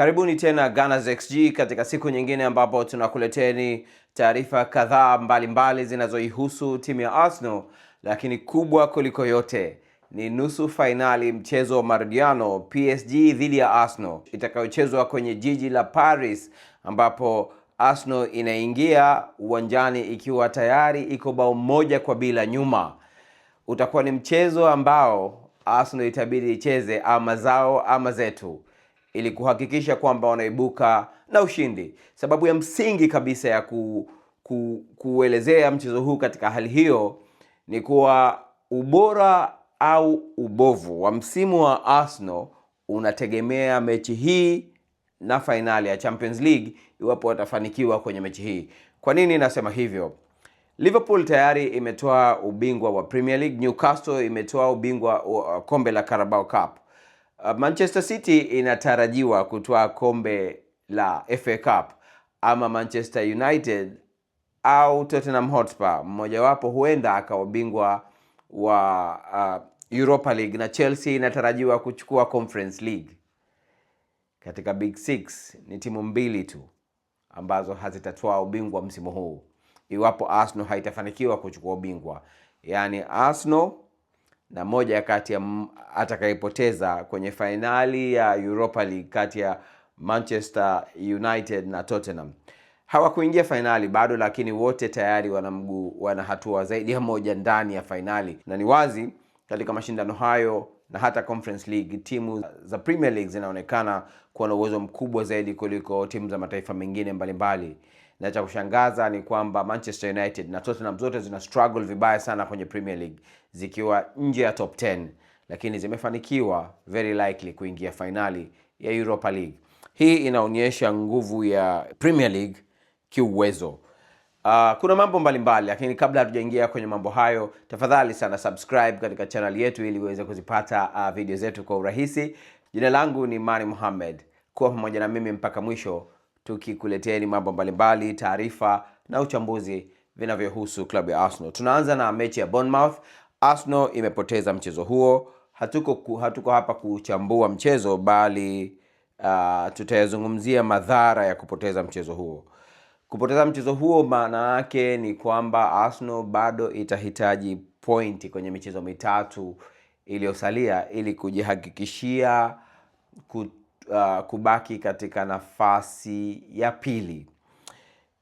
Karibuni tena Ganaz XG katika siku nyingine ambapo tunakuleteni taarifa kadhaa mbalimbali zinazoihusu timu ya Arsenal, lakini kubwa kuliko yote ni nusu fainali mchezo wa marudiano PSG dhidi ya Arsenal itakayochezwa kwenye jiji la Paris, ambapo Arsenal inaingia uwanjani ikiwa tayari iko bao moja kwa bila nyuma. Utakuwa ni mchezo ambao Arsenal itabidi icheze ama zao ama zetu ili kuhakikisha kwamba wanaibuka na ushindi. Sababu ya msingi kabisa ya ku, ku, kuelezea mchezo huu katika hali hiyo ni kuwa ubora au ubovu wa msimu wa Arsenal unategemea mechi hii na fainali ya Champions League iwapo watafanikiwa kwenye mechi hii. Kwa nini nasema hivyo? Liverpool tayari imetoa ubingwa wa Premier League, Newcastle imetoa ubingwa wa kombe la Carabao Cup. Uh, Manchester City inatarajiwa kutoa kombe la FA Cup ama Manchester United au Tottenham Hotspur, mmojawapo huenda akawa bingwa wa uh, Europa League, na Chelsea inatarajiwa kuchukua Conference League. Katika Big Six ni timu mbili tu ambazo hazitatoa ubingwa msimu huu iwapo Arsenal haitafanikiwa kuchukua ubingwa, yaani Arsenal na moja kati ya atakayepoteza kwenye fainali ya Europa League kati ya Manchester United na Tottenham. Hawakuingia fainali bado, lakini wote tayari wana mguu wana hatua zaidi ya moja ndani ya fainali, na ni wazi katika mashindano hayo na hata Conference League timu za Premier League zinaonekana kuwa na uwezo mkubwa zaidi kuliko timu za mataifa mengine mbalimbali na cha kushangaza ni kwamba Manchester United na Tottenham zote zina struggle vibaya sana kwenye Premier League zikiwa nje ya top 10, lakini zimefanikiwa very likely kuingia fainali ya Europa League. Hii inaonyesha nguvu ya Premier League kiuwezo. Uh, kuna mambo mbalimbali lakini kabla hatujaingia kwenye mambo hayo, tafadhali sana subscribe katika channel yetu ili uweze kuzipata uh, video zetu kwa urahisi. Jina langu ni Mani Mohamed, kuwa pamoja na mimi mpaka mwisho tukikuleteni mambo mbalimbali, taarifa na uchambuzi vinavyohusu klabu ya Arsenal. Tunaanza na mechi ya Bournemouth. Arsenal imepoteza mchezo huo. Hatuko, ku, hatuko hapa kuchambua mchezo bali uh, tutayazungumzia madhara ya kupoteza mchezo huo. Kupoteza mchezo huo maana yake ni kwamba Arsenal bado itahitaji pointi kwenye michezo mitatu iliyosalia ili kujihakikishia uh, kubaki katika nafasi ya pili.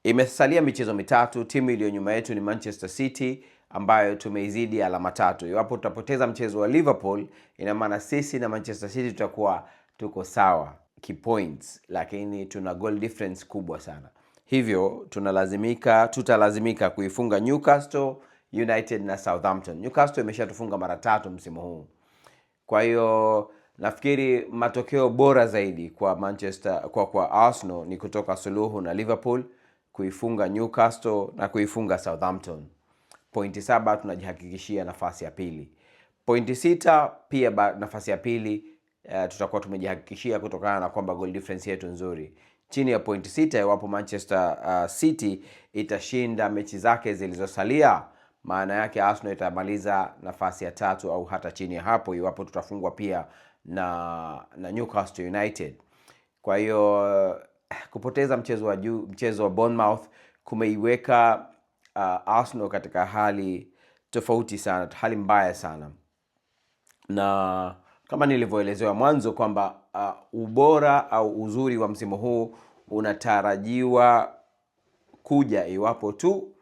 Imesalia michezo mitatu. Timu iliyo nyuma yetu ni Manchester City ambayo tumeizidi alama tatu. Iwapo tutapoteza mchezo wa Liverpool, ina maana sisi na Manchester City tutakuwa tuko sawa points, lakini tuna goal difference kubwa sana, hivyo tunalazimika, tutalazimika kuifunga Newcastle United na Southampton. Newcastle imeshatufunga mara tatu msimu huu, kwa hiyo Nafikiri matokeo bora zaidi kwa Manchester, kwa kwa Arsenal ni kutoka suluhu na Liverpool, kuifunga Newcastle na kuifunga Southampton. Pointi saba tunajihakikishia nafasi ya pili. Pointi sita pia ba, nafasi ya pili uh, tutakuwa tumejihakikishia kutokana na kwamba goal difference yetu nzuri chini ya pointi sita. Iwapo Manchester uh, City itashinda mechi zake zilizosalia, maana yake Arsenal itamaliza nafasi ya tatu au hata chini ya hapo, iwapo tutafungwa pia na, na Newcastle United. Kwa hiyo eh, kupoteza mchezo wa juu, mchezo wa Bournemouth kumeiweka uh, Arsenal katika hali tofauti sana, hali mbaya sana, na kama nilivyoelezewa mwanzo kwamba uh, ubora au uzuri wa msimu huu unatarajiwa kuja iwapo tu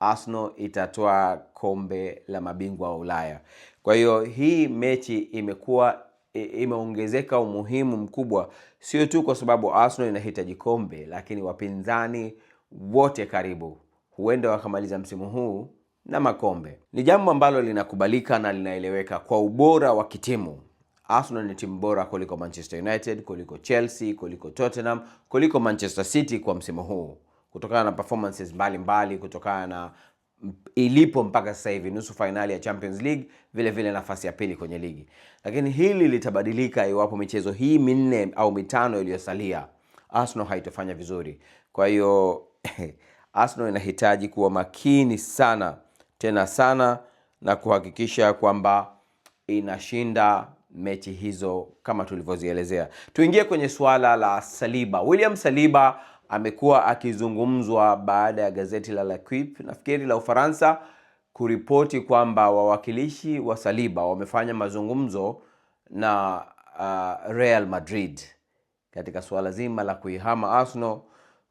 Arsenal itatoa kombe la mabingwa wa Ulaya. Kwa hiyo hii mechi imekuwa imeongezeka umuhimu mkubwa, sio tu kwa sababu Arsenal inahitaji kombe, lakini wapinzani wote karibu huenda wakamaliza msimu huu na makombe. Ni jambo ambalo linakubalika na linaeleweka kwa ubora wa kitimu. Arsenal ni timu bora kuliko Manchester United, kuliko Chelsea, kuliko Tottenham, kuliko Manchester City kwa msimu huu, kutokana na performances mbalimbali mbali, kutokana na ilipo mpaka sasa hivi, nusu fainali ya Champions League, vile vile nafasi ya pili kwenye ligi. Lakini hili litabadilika iwapo michezo hii minne au mitano iliyosalia Arsenal haitofanya vizuri. Kwa hiyo Arsenal inahitaji kuwa makini sana tena sana na kuhakikisha kwamba inashinda mechi hizo kama tulivyozielezea. Tuingie kwenye suala la Saliba, William Saliba amekuwa akizungumzwa baada ya gazeti la L'Equipe nafikiri la Ufaransa kuripoti kwamba wawakilishi wa Saliba wamefanya mazungumzo na uh, Real Madrid katika suala zima la kuihama Arsenal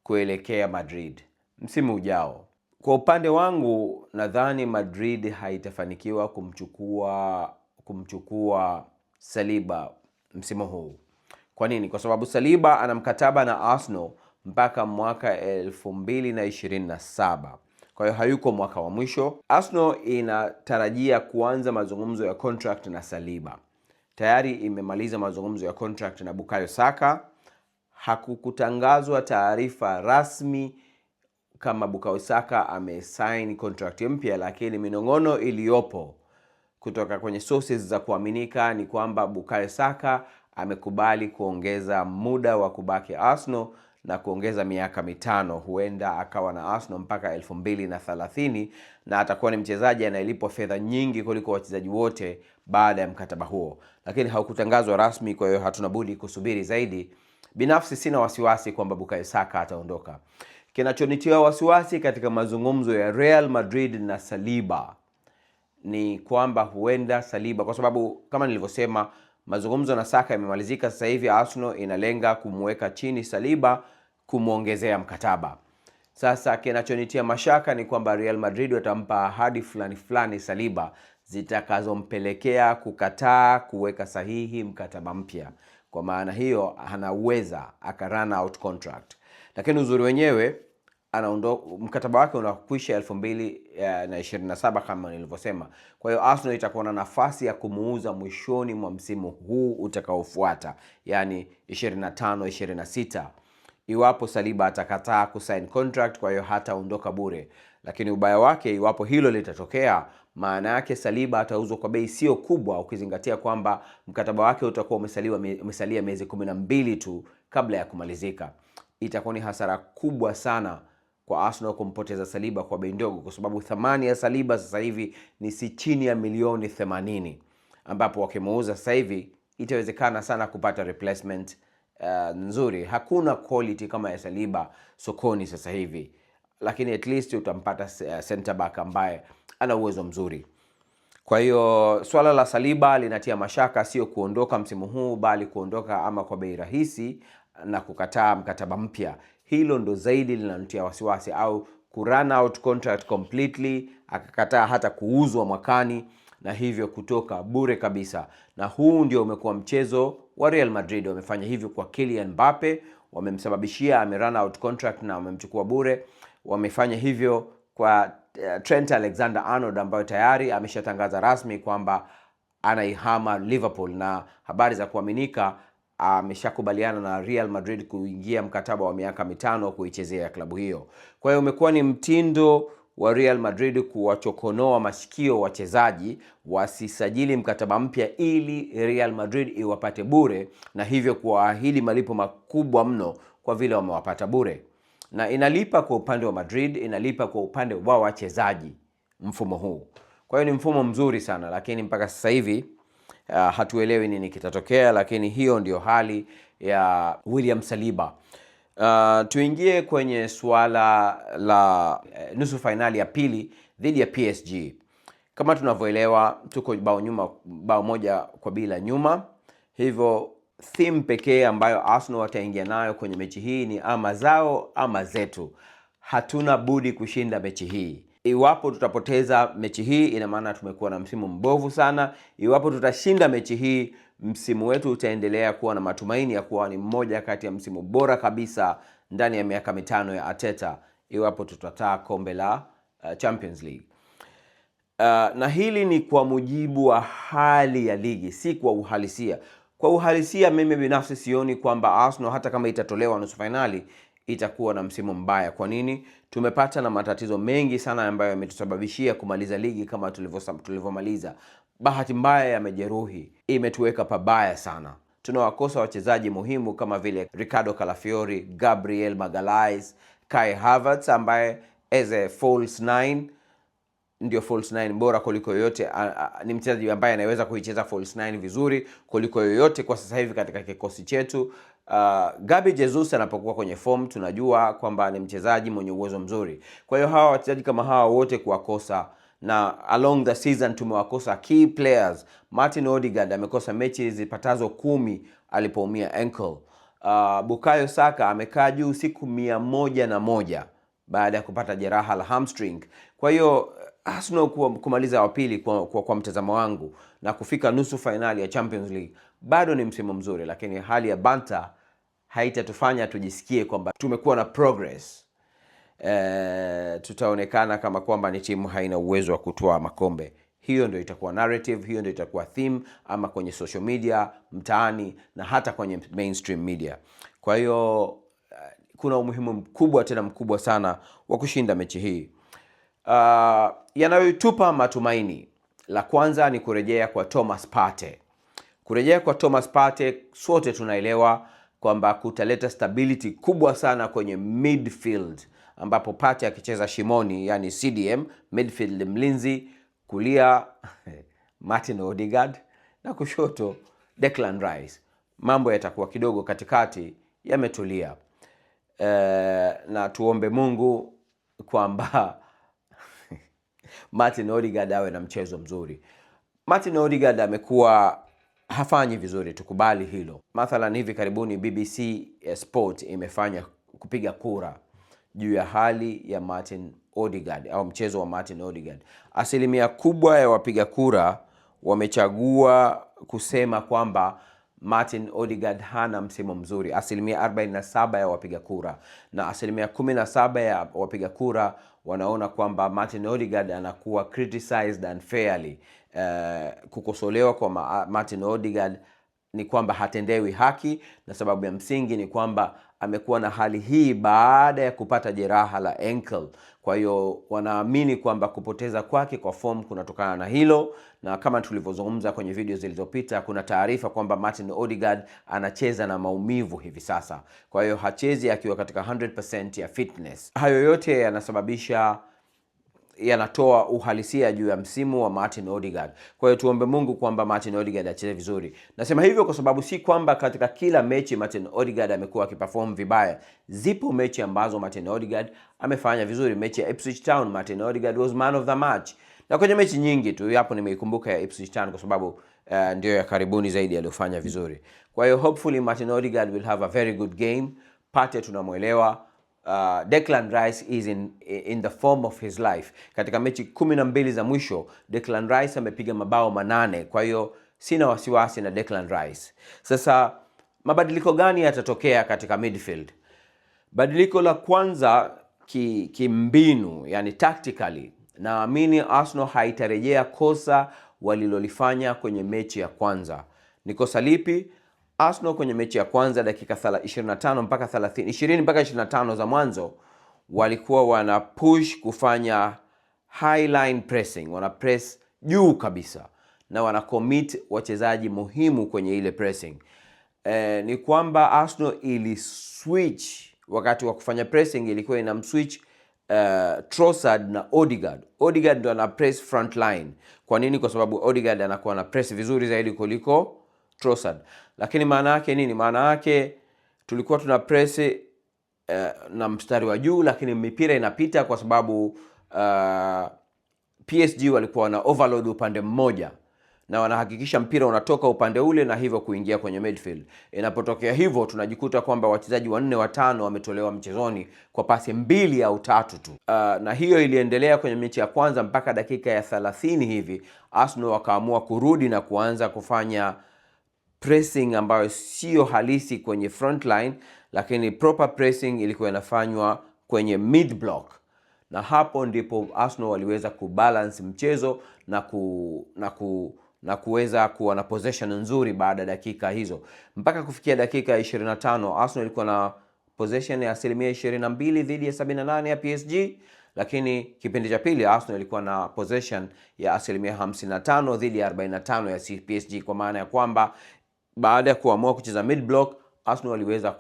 kuelekea Madrid msimu ujao. Kwa upande wangu nadhani Madrid haitafanikiwa kumchukua kumchukua Saliba msimu huu. Kwa nini? Kwa sababu Saliba ana mkataba na Arsenal mpaka mwaka 227 Kwa hiyo hayuko mwaka wa mwisho. Arsenal inatarajia kuanza mazungumzo ya contract na Saliba. Tayari imemaliza mazungumzo ya contract na Bukayo Saka. Hakukutangazwa taarifa rasmi kama Bukayo Saka amesign contract mpya, lakini minong'ono iliyopo kutoka kwenye sources za kuaminika ni kwamba Bukayo Saka amekubali kuongeza muda wa kubaki Arsenal na kuongeza miaka mitano, huenda akawa na Arsenal mpaka elfu mbili na thalathini na atakuwa ni mchezaji anayelipwa fedha nyingi kuliko wachezaji wote baada ya mkataba huo, lakini haukutangazwa rasmi, kwa hiyo hatuna budi kusubiri zaidi. Binafsi sina wasiwasi kwamba Bukayo Saka ataondoka. Kinachonitia wasiwasi katika mazungumzo ya Real Madrid na Saliba ni kwamba huenda Saliba, kwa sababu kama nilivyosema mazungumzo na Saka yamemalizika sasa hivi, Arsenal inalenga kumweka chini Saliba kumwongezea mkataba. Sasa kinachonitia mashaka ni kwamba Real Madrid watampa ahadi fulani fulani Saliba zitakazompelekea kukataa kuweka sahihi mkataba mpya. Kwa maana hiyo anaweza run out contract, lakini uzuri wenyewe anaondoka, mkataba wake unakwisha elfu mbili Eh, na 27 kama nilivyosema. Kwa hiyo Arsenal itakuwa na nafasi ya kumuuza mwishoni mwa msimu huu utakaofuata, yani 25 26, iwapo Saliba atakataa kusign contract, kwa hiyo hataondoka bure. Lakini ubaya wake, iwapo hilo litatokea, maana yake Saliba atauzwa kwa bei sio kubwa, ukizingatia kwamba mkataba wake utakuwa umesalia miezi 12 tu kabla ya kumalizika. Itakuwa ni hasara kubwa sana kwa Arsenal kumpoteza Saliba kwa bei ndogo, kwa sababu thamani ya Saliba sasa hivi ni si chini ya milioni 80, ambapo wakimuuza sasa hivi itawezekana sana kupata replacement uh, nzuri. Hakuna quality kama ya Saliba sokoni sasa hivi, lakini at least utampata uh, center back ambaye ana uwezo mzuri. Kwa hiyo swala la Saliba linatia mashaka, sio kuondoka msimu huu, bali kuondoka ama kwa bei rahisi na kukataa mkataba mpya. Hilo ndo zaidi linanitia wasiwasi, au kurun out contract completely, akakataa hata kuuzwa mwakani na hivyo kutoka bure kabisa. Na huu ndio umekuwa mchezo wa Real Madrid. Wamefanya hivyo kwa Kylian Mbappe, wamemsababishia ame run out contract na wamemchukua bure. Wamefanya hivyo kwa eh, Trent Alexander-Arnold ambayo tayari ameshatangaza rasmi kwamba anaihama Liverpool na habari za kuaminika ameshakubaliana na Real Madrid kuingia mkataba wa miaka mitano wa kuichezea klabu hiyo. Kwa hiyo umekuwa ni mtindo wa Real Madrid kuwachokonoa mashikio wachezaji wasisajili mkataba mpya ili Real Madrid iwapate bure na hivyo kuwaahidi malipo makubwa mno kwa vile wamewapata bure. Na inalipa kwa upande wa Madrid, inalipa kwa upande wa wachezaji mfumo huu. Kwa hiyo ni mfumo mzuri sana, lakini mpaka sasa hivi Eh, hatuelewi nini kitatokea, lakini hiyo ndio hali ya William Saliba. Uh, tuingie kwenye suala la eh, nusu fainali ya pili dhidi ya PSG. Kama tunavyoelewa tuko bao nyuma, bao moja kwa bila nyuma, hivyo theme pekee ambayo Arsenal wataingia nayo kwenye mechi hii ni ama zao ama zetu. Hatuna budi kushinda mechi hii. Iwapo tutapoteza mechi hii, ina maana tumekuwa na msimu mbovu sana. Iwapo tutashinda mechi hii, msimu wetu utaendelea kuwa na matumaini ya kuwa ni mmoja kati ya msimu bora kabisa ndani ya miaka mitano ya Arteta, iwapo tutataa kombe la uh, Champions League. Uh, na hili ni kwa mujibu wa hali ya ligi, si kwa uhalisia. Kwa uhalisia, mimi binafsi sioni kwamba Arsenal hata kama itatolewa nusu fainali itakuwa na msimu mbaya. Kwa nini? Tumepata na matatizo mengi sana ambayo yametusababishia kumaliza ligi kama tulivyomaliza. Bahati mbaya ya majeruhi imetuweka pabaya sana. Tunawakosa wachezaji muhimu kama vile Ricardo Calafiori, Gabriel Magalhaes, Kai Havertz ambaye as a false nine ndio false nine bora kuliko yoyote a, a, ni mchezaji ambaye anaweza kuicheza false nine vizuri kuliko yoyote kwa sasa hivi katika kikosi chetu. Uh, Gabi Jesus anapokuwa kwenye form tunajua kwamba ni mchezaji mwenye uwezo mzuri. Kwa hiyo hawa wachezaji kama hawa wote kuwakosa na along the season tumewakosa key players. Martin Odegaard amekosa mechi zipatazo kumi alipoumia ankle. Uh, Bukayo Saka amekaa juu siku mia moja na moja baada ya kupata jeraha la hamstring. Kwa hiyo Arsenal ah, kumaliza wa pili kwa, kwa, kwa mtazamo wangu na kufika nusu fainali ya Champions League bado ni msimu mzuri, lakini hali ya banta haitatufanya tujisikie kwamba tumekuwa na progress. E, tutaonekana kama kwamba ni timu haina uwezo wa kutoa makombe. Hiyo ndio itakuwa narrative, hiyo ndio itakuwa theme, ama kwenye social media, mtaani na hata kwenye mainstream media. Kwa hiyo eh, kuna umuhimu mkubwa tena mkubwa sana wa kushinda mechi hii uh, yanayotupa matumaini. La kwanza ni kurejea kwa Thomas Partey. Kurejea kwa Thomas Partey, sote tunaelewa kwamba kutaleta stability kubwa sana kwenye midfield, ambapo Partey akicheza shimoni, yani CDM midfield, mlinzi kulia Martin Odegaard na kushoto Declan Rice, mambo yatakuwa kidogo katikati yametulia. E, na tuombe Mungu kwamba Martin Odegaard awe na mchezo mzuri. Martin Odegaard amekuwa hafanyi vizuri, tukubali hilo. Mathalan, hivi karibuni BBC Sport imefanya kupiga kura juu ya hali ya Martin Odegaard au mchezo wa Martin Odegaard. Asilimia kubwa ya wapiga kura wamechagua kusema kwamba Martin Odegaard hana msimu mzuri, asilimia 47 ya wapiga kura na asilimia 17 ya wapiga kura wanaona kwamba Martin Odegaard anakuwa criticized unfairly. Uh, kukosolewa kwa Martin Odegaard ni kwamba hatendewi haki, na sababu ya msingi ni kwamba amekuwa na hali hii baada ya kupata jeraha la ankle. Kwa hiyo wanaamini kwamba kupoteza kwake kwa fomu kunatokana na hilo, na kama tulivyozungumza kwenye video zilizopita, kuna taarifa kwamba Martin Odegaard anacheza na maumivu hivi sasa, kwa hiyo hachezi akiwa katika 100% ya fitness. Hayo yote yanasababisha yanatoa uhalisia juu ya msimu wa Martin Odegaard. Kwa hiyo tuombe Mungu kwamba Martin Odegaard acheze vizuri. Nasema hivyo kwa sababu si kwamba katika kila mechi Martin Odegaard amekuwa akiperform vibaya. Zipo mechi ambazo Martin Odegaard amefanya vizuri. Mechi ya Ipswich Town, Martin Odegaard was man of the match, na kwenye mechi nyingi tu hapo nimeikumbuka ya Ipswich Town kwa sababu Uh, ndio ya karibuni zaidi aliyofanya vizuri. Kwa hiyo hopefully Martin Odegaard will have a very good game. Pate tunamwelewa uh, Declan Rice is in, in the form of his life. Katika mechi kumi na mbili za mwisho Declan Rice amepiga mabao manane, kwa hiyo sina wasiwasi na Declan Rice. Sasa mabadiliko gani yatatokea katika midfield? Badiliko la kwanza kimbinu ki yani tactically, naamini Arsenal haitarejea kosa walilolifanya kwenye mechi ya kwanza. Ni kosa lipi? Arsenal kwenye mechi ya kwanza dakika 25 mpaka 30, 20 mpaka 25 za mwanzo walikuwa wana push kufanya high line pressing, wana press juu kabisa na wana commit wachezaji muhimu kwenye ile pressing. E, ni kwamba Arsenal ili switch wakati wa kufanya pressing ilikuwa ina mswitch Uh, Trossard na Odegaard. Odegaard ndo ana press front line. Kwa nini? Kwa sababu Odegaard anakuwa na press vizuri zaidi kuliko Trossard lakini maana yake nini? Maana yake tulikuwa tuna press eh, na mstari wa juu, lakini mipira inapita kwa sababu uh, eh, PSG walikuwa wana overload upande mmoja na wanahakikisha mpira unatoka upande ule na hivyo kuingia kwenye midfield. Inapotokea hivyo, tunajikuta kwamba wachezaji wanne watano wametolewa mchezoni kwa pasi mbili au tatu tu. Uh, na hiyo iliendelea kwenye mechi ya kwanza mpaka dakika ya 30 hivi, Arsenal wakaamua kurudi na kuanza kufanya pressing ambayo siyo halisi kwenye front line, lakini proper pressing ilikuwa inafanywa kwenye mid block, na hapo ndipo Arsenal waliweza kubalance mchezo na ku, na ku na kuweza kuwa na possession nzuri baada ya dakika hizo. Mpaka kufikia dakika ya 25 Arsenal ilikuwa na possession ya asilimia 22 dhidi ya 78 ya PSG, lakini kipindi cha pili Arsenal ilikuwa na possession ya asilimia 55 dhidi ya 45 ya PSG, kwa maana ya kwamba baada ya kuamua kucheza mid block, Arsenal waliweza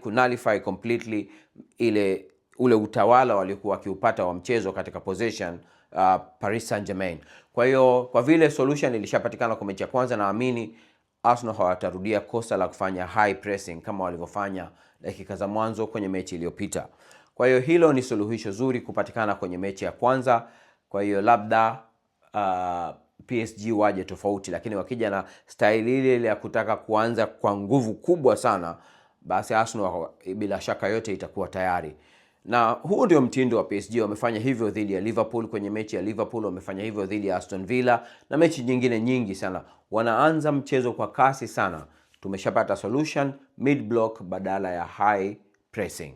kunalify completely ile ule utawala waliokuwa wakiupata wa mchezo katika possession uh, Paris Saint-Germain. Kwa hiyo kwa vile solution ilishapatikana kwa mechi ya kwanza, naamini Arsenal hawatarudia kosa la kufanya high pressing kama walivyofanya dakika za mwanzo kwenye mechi iliyopita. Kwa hiyo hilo ni suluhisho zuri kupatikana kwenye mechi ya kwanza. Kwa hiyo labda uh, PSG waje tofauti, lakini wakija na staili ile ile ya kutaka kuanza kwa nguvu kubwa sana, basi Arsenal bila shaka yote itakuwa tayari na huu ndio mtindo wa PSG. Wamefanya hivyo dhidi ya Liverpool kwenye mechi ya Liverpool, wamefanya hivyo dhidi ya Aston Villa na mechi nyingine nyingi sana. Wanaanza mchezo kwa kasi sana. Tumeshapata solution mid block badala ya high pressing.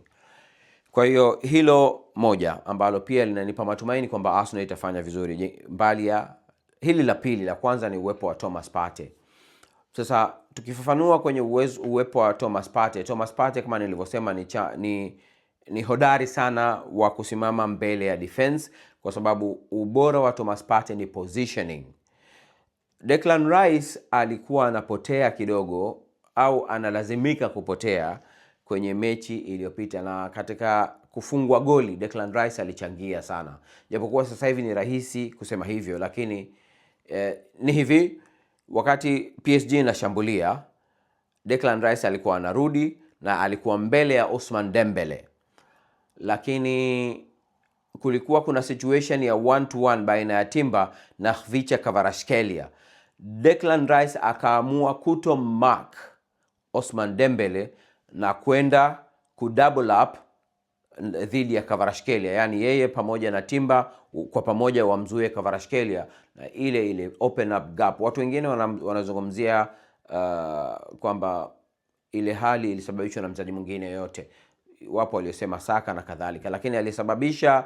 Kwa hiyo hilo moja ambalo pia linanipa matumaini kwamba Arsenal itafanya vizuri mbali ya hili la pili, la kwanza ni uwepo wa Thomas pate Sasa tukifafanua kwenye uwezo, uwepo wa Thomas pate Thomas pate kama nilivyosema ni, cha, ni, ni hodari sana wa kusimama mbele ya defense kwa sababu ubora wa Thomas pate ni positioning. Declan Rice alikuwa anapotea kidogo au analazimika kupotea kwenye mechi iliyopita, na katika kufungwa goli Declan Rice alichangia sana, japokuwa sasa hivi ni rahisi kusema hivyo, lakini eh, ni hivi, wakati PSG inashambulia Declan Rice alikuwa anarudi na alikuwa mbele ya Osman Dembele, lakini kulikuwa kuna situation ya one to one baina ya Timba na Khvicha Kvaratskhelia. Declan Rice akaamua kuto mark Osman Dembele na kwenda kudouble up dhidi ya Kvaratskhelia, yaani yeye pamoja na Timba kwa pamoja wamzuie Kvaratskhelia na ile ile open up gap. Watu wengine wanazungumzia uh, kwamba ile hali ilisababishwa na mchezaji mwingine yoyote, wapo waliosema Saka na kadhalika, lakini alisababisha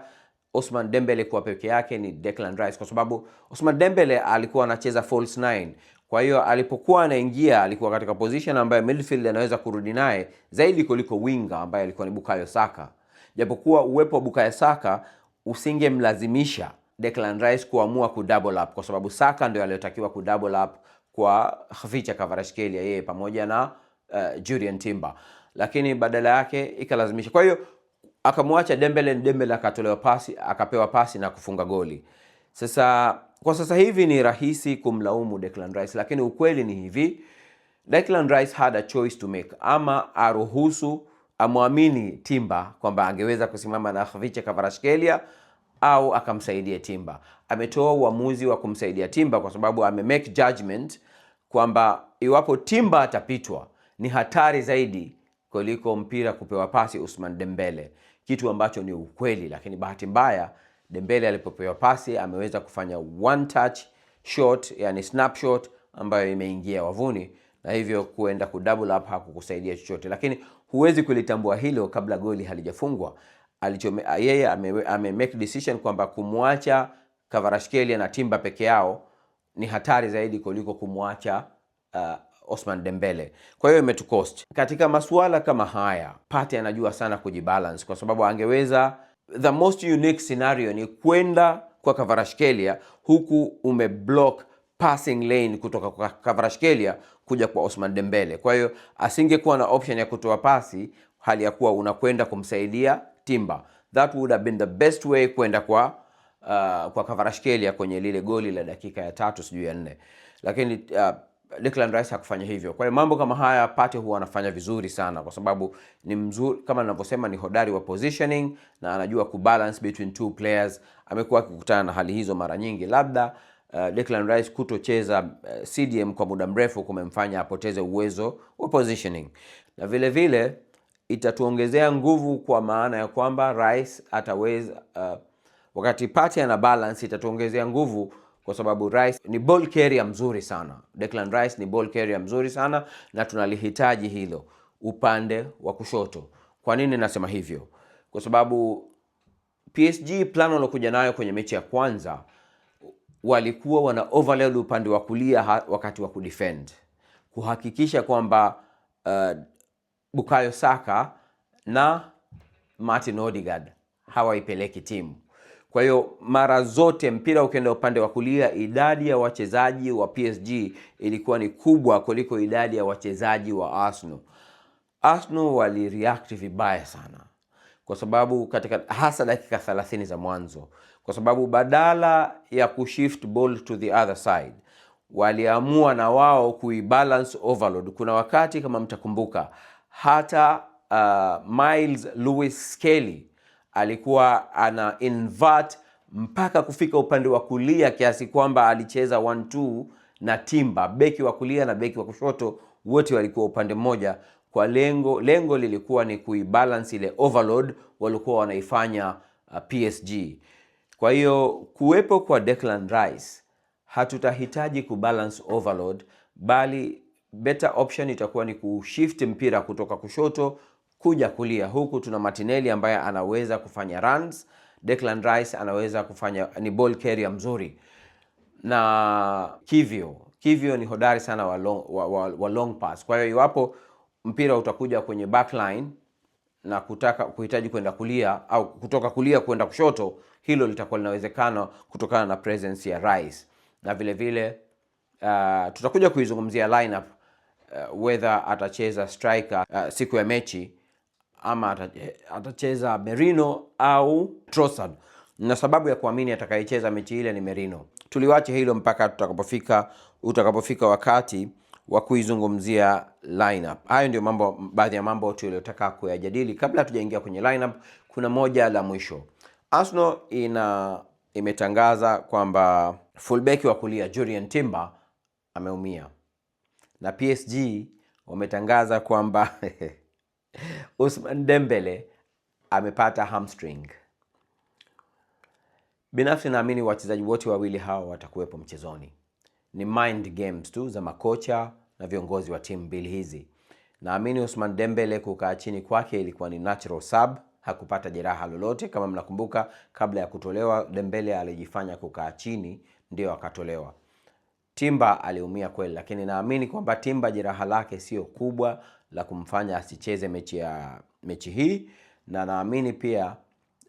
Osman Dembele kuwa peke yake ni Declan Rice, kwa sababu Osman Dembele alikuwa anacheza false nine. Kwa hiyo alipokuwa anaingia alikuwa katika position ambayo midfield anaweza kurudi naye zaidi kuliko winga ambaye alikuwa ni Bukayo Saka japokuwa uwepo wa Bukayo Saka usingemlazimisha Declan Rice kuamua kudouble up, kwa sababu Saka ndio aliyotakiwa kudouble up kwa Khvicha Kvaratskhelia yeye pamoja na uh, Julian Timber, lakini badala yake ikalazimisha. Kwa hiyo akamwacha Dembele, Dembele akatolewa pasi, akapewa pasi na kufunga goli. Sasa kwa sasa hivi ni rahisi kumlaumu Declan Rice, lakini ukweli ni hivi, Declan Rice had a choice to make, ama aruhusu amwamini Timba kwamba angeweza kusimama na Khvicha Kvaratskhelia au akamsaidia Timba. Ametoa uamuzi wa kumsaidia Timba kwa sababu ame make judgment kwamba iwapo Timba atapitwa ni hatari zaidi kuliko mpira kupewa pasi Usman Dembele, kitu ambacho ni ukweli, lakini bahati mbaya Dembele alipopewa pasi ameweza kufanya one touch shot, yani snapshot ambayo imeingia wavuni na hivyo kuenda kudouble up hakukusaidia chochote, lakini huwezi kulitambua hilo kabla goli halijafungwa. yeye ame, ame make decision kwamba kumwacha kavarashkelia na Timba peke yao ni hatari zaidi kuliko kumwacha uh, Osman Dembele. Kwa hiyo imetukost katika masuala kama haya. Pate anajua sana kujibalance, kwa sababu angeweza, the most unique scenario ni kwenda kwa kavarashkelia huku umeblock passing lane kutoka kwa kavarashkelia kuja kwa Osman Dembele. Kwa hiyo asingekuwa na option ya kutoa pasi hali ya kuwa unakwenda kumsaidia Timba. That would have been the best way kwenda kwa uh, kwa Kvaratskhelia kwenye lile goli la dakika ya tatu sijui ya nne, lakini uh, Declan Rice hakufanya hivyo. Kwa hiyo mambo kama haya Pate huwa anafanya vizuri sana, kwa sababu ni mzuri, kama ninavyosema, ni hodari wa positioning na anajua kubalance between two players. Amekuwa akikutana na hali hizo mara nyingi, labda uh, Declan Rice kutocheza uh, CDM kwa muda mrefu kumemfanya apoteze uwezo wa positioning, na vile vile itatuongezea nguvu kwa maana ya kwamba Rice ataweza uh, wakati pati ana balance, itatuongezea nguvu kwa sababu Rice ni ball carrier mzuri sana. Declan Rice ni ball carrier mzuri sana na tunalihitaji hilo upande wa kushoto. Kwa nini nasema hivyo? Kwa sababu PSG plano alokuja nayo kwenye mechi ya kwanza walikuwa wana overload upande wa kulia wakati wa kudefend kuhakikisha kwamba uh, Bukayo Saka na Martin Odegaard hawaipeleki timu. Kwa hiyo mara zote mpira ukienda upande wa kulia, idadi ya wachezaji wa PSG ilikuwa ni kubwa kuliko idadi ya wachezaji wa Arsenal. Arsenal walireact vibaya sana, kwa sababu katika hasa dakika 30 za mwanzo kwa sababu badala ya kushift ball to the other side waliamua na wao kuibalance overload. Kuna wakati kama mtakumbuka, hata uh, Miles Lewis Skelly alikuwa ana invert mpaka kufika upande wa kulia kiasi kwamba alicheza 1-2 na timba beki wa kulia na beki wa kushoto wote walikuwa upande mmoja, kwa lengo lengo lilikuwa ni kuibalance ile overload walikuwa wanaifanya uh, PSG. Kwa hiyo kuwepo kwa Declan Rice hatutahitaji kubalance overload, bali better option itakuwa ni kushift mpira kutoka kushoto kuja kulia. Huku tuna Martinelli ambaye anaweza kufanya runs, Declan Rice anaweza kufanya ni ball carrier mzuri, na Kivio Kivio ni hodari sana wa long, wa, wa, wa long pass. Kwa hiyo iwapo mpira utakuja kwenye backline na kutaka kuhitaji kwenda kulia au kutoka kulia kwenda kushoto hilo litakuwa linawezekana kutokana na presence ya rais na vile vile uh, tutakuja kuizungumzia lineup uh, whether atacheza striker uh, siku ya mechi ama eh, atacheza Merino au Trossard, na sababu ya kuamini atakayecheza mechi ile ni Merino. Tuliwache hilo mpaka tutakapofika utakapofika wakati wa kuizungumzia lineup. Hayo ndio mambo, baadhi ya mambo tuliyotaka kuyajadili kabla hatujaingia kwenye lineup. Kuna moja la mwisho Arsenal ina imetangaza kwamba fullback wa kulia Julian Timber ameumia, na PSG wametangaza kwamba Usman Dembele amepata hamstring. Binafsi naamini wachezaji wote wawili hawa watakuwepo mchezoni. Ni mind games tu za makocha na viongozi wa timu mbili hizi. Naamini Usman Dembele kukaa chini kwake ilikuwa ni natural sub hakupata jeraha lolote. Kama mnakumbuka, kabla ya kutolewa Dembele alijifanya kukaa chini, ndio akatolewa. Timba aliumia kweli, lakini naamini kwamba Timba jeraha lake sio kubwa la kumfanya asicheze mechi ya mechi hii, na naamini pia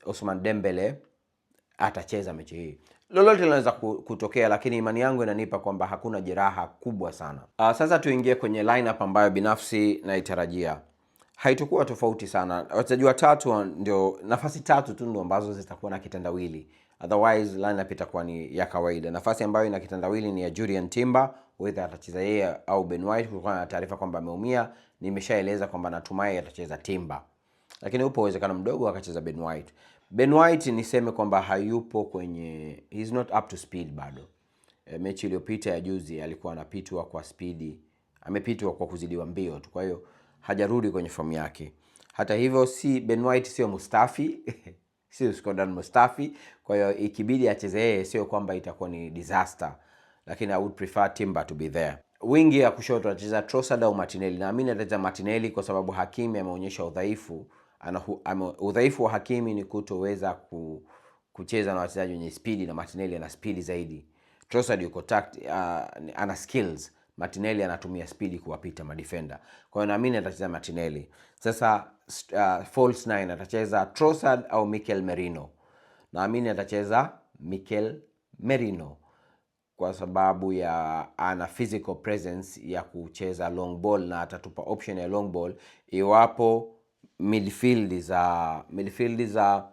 Osman Dembele atacheza mechi hii. Lolote linaweza kutokea, lakini imani yangu inanipa kwamba hakuna jeraha kubwa sana. Aa, ah, sasa tuingie kwenye lineup ambayo binafsi naitarajia haitakuwa tofauti sana. Wachezaji watatu ndio, nafasi tatu tu ndio ambazo zitakuwa na kitendawili, otherwise lineup itakuwa ni ya kawaida. Nafasi ambayo ina kitendawili ni ya Julian Timber, whether atacheza yeye au Ben White, kutokana na taarifa kwamba ameumia. Nimeshaeleza kwamba natumai atacheza Timber, lakini upo uwezekano mdogo akacheza Ben White. Ben White niseme kwamba hayupo kwenye, he's not up to speed bado. E, mechi iliyopita ya juzi alikuwa anapitwa kwa spidi, amepitwa kwa kuzidiwa mbio tu, kwa hiyo hajarudi kwenye fomu yake. Hata hivyo, si Ben White sio Mustafi sio Skondan Mustafi, kwa hiyo ikibidi acheze yeye, sio kwamba itakuwa ni disaster, lakini I would prefer Timba to be there. Wingi ya kushoto atacheza Trossard au Martinelli. Naamini atacheza Martinelli kwa sababu Hakimi ameonyesha udhaifu udhaifu wa Hakimi ni kutoweza ku, kucheza na wachezaji wenye spidi na Martinelli ana spidi zaidi. Trossard yuko tact, uh, ana skills Martinelli anatumia spidi kuwapita madefenda, kwa hiyo naamini atacheza Martinelli. Sasa uh, false nine atacheza Trossard au Mikel Merino. Naamini atacheza Mikel Merino kwa sababu ya ana physical presence ya kucheza long ball na atatupa option ya long ball iwapo midfield za midfield za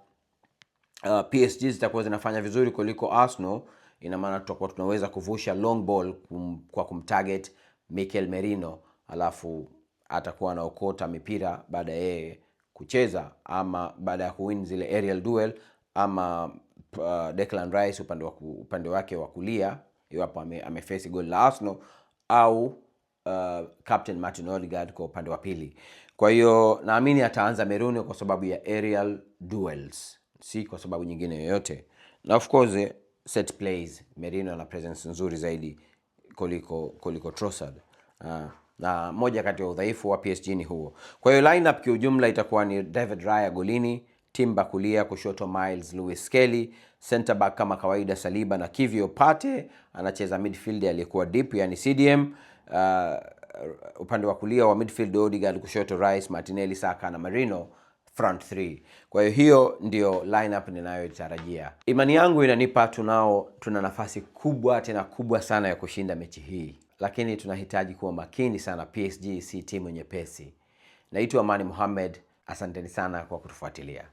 uh, PSG zitakuwa zinafanya vizuri kuliko Arsenal ina maana tutakuwa tunaweza kuvusha long ball kum, kwa kumtarget Mikel Merino, alafu atakuwa anaokota mipira baada ya yeye kucheza ama baada ya kuwin zile aerial duel ama uh, Declan Rice upande, wa upande wake wa kulia iwapo amefesi ame goal la Arsenal au uh, captain Martin Odegaard kwa upande wa pili. Kwa hiyo naamini ataanza Merino kwa sababu ya aerial duels, si kwa sababu nyingine yoyote, na of course set plays Merino ana presence nzuri zaidi kuliko kuliko Trossard. Uh, na moja kati ya udhaifu wa PSG ni huo. Kwa hiyo lineup kiujumla itakuwa ni David Raya golini, Timba kulia, kushoto Miles Lewis Kelly, center back kama kawaida Saliba na Kivyo Pate anacheza midfield aliyekuwa deep yani CDM. Uh, ah, upande wa kulia wa midfield odigard kushoto Rice, Martinelli, Saka na Marino front three. Kwa hiyo hiyo ndio lineup ninayotarajia. Imani yangu inanipa tunao, tuna nafasi kubwa tena kubwa sana ya kushinda mechi hii, lakini tunahitaji kuwa makini sana. PSG si timu nyepesi. Naitwa Amani Mohamed, asanteni sana kwa kutufuatilia.